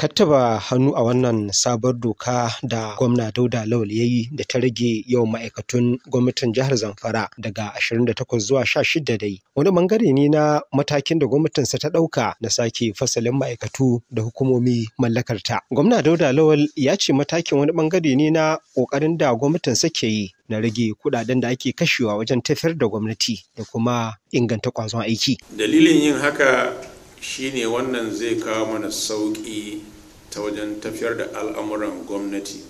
kattaba hannu a wannan sabar doka da gwamna dauda lawal ya yi da ta rage yawan ma'aikatun gwamnatin jihar zamfara daga 28 zuwa 16 dai wani bangare ne na matakin da gwamnatinsa ta ɗauka na sake fasalin ma'aikatu da hukumomi mallakarta gwamna dauda lawal ya ce matakin wani bangare ne na ƙoƙarin da gwamnatinsa ke yi na rage kuɗaɗen da ake kashewa wajen tafiyar da gwamnati da kuma inganta kwazon aiki dalilin yin haka Shi ne wannan zai kawo mana sauƙi ta wajen tafiyar da al'amuran gwamnati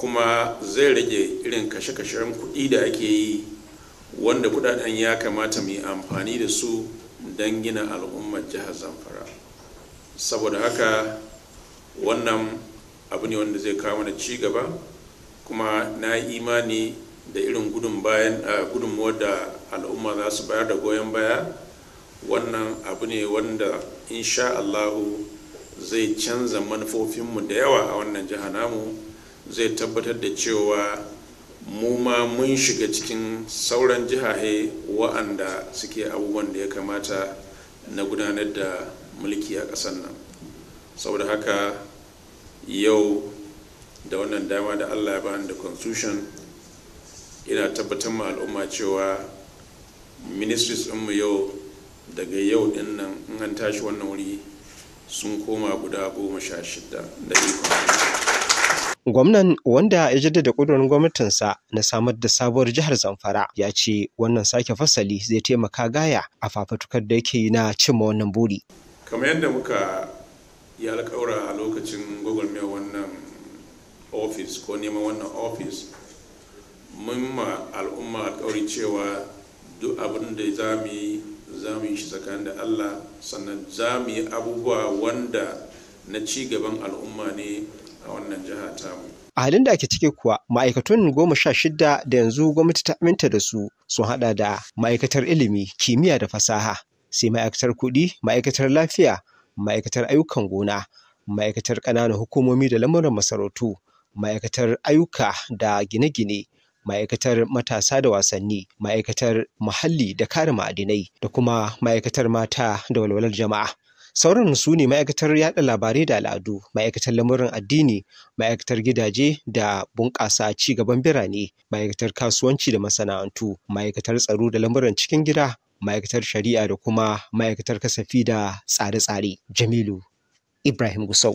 kuma zai rage irin kashe-kashen kuɗi da ake yi wanda kudaden ya kamata mu amfani da su don gina al'ummar jihar zamfara saboda haka wannan abu ne wanda zai kawo mana ci gaba kuma na yi imani da irin gudun bayan gudunmuwar da al'umma za su bayar da goyon baya wannan abu ne wanda insha allahu zai canza manufofinmu da yawa a wannan jiha namu zai tabbatar da cewa mu ma mun shiga cikin sauran jihahe wa'anda suke abubuwan da ya kamata na gudanar da mulki a ƙasar nan saboda haka yau da wannan dama da allah ya da constitution ina tabbatar ma al'umma cewa ministries ɗinmu yau daga yau din nan in an tashi wannan wuri sun koma guda goma sha shida da ikon gwamnan wanda ya jaddada ƙudurin gwamnatinsa na samar da sabuwar jihar zamfara ya ce wannan sake fasali zai taimaka gaya a fafatukar da yake yi na cimma wannan buri kamar yadda muka yi alƙawura a lokacin mai wannan ofis ko neman wannan ofis mun ma al'umma alkawari cewa duk abin da za mu yi za mu yi shi tsakanin da allah sannan za mu yi abubuwa wanda na ci gaban al'umma ne a wannan jiha tamu a halin da ake ciki kuwa ma'aikatun goma sha shida da yanzu gwamnati ta aminta da su sun hada da ma'aikatar ilimi kimiyya da fasaha sai ma'aikatar kuɗi ma'aikatar lafiya ma'aikatar ayyukan gona ma'aikatar ƙananan hukumomi da lamuran masarautu ma'aikatar ayyuka da gine-gine ma'aikatar matasa da wasanni ma'aikatar muhalli da kare ma'adinai da kuma ma'aikatar mata da walwalar jama'a sauran su ne ma'aikatar yaɗa labarai da al'adu ma'aikatar lamurin addini ma'aikatar gidaje da bunƙasa ci gaban birane ma'aikatar kasuwanci da masana'antu ma'aikatar tsaro da lamuran cikin gida ma'aikatar shari'a da kuma ma'aikatar kasafi da tsare-tsare jamilu ibrahim gusau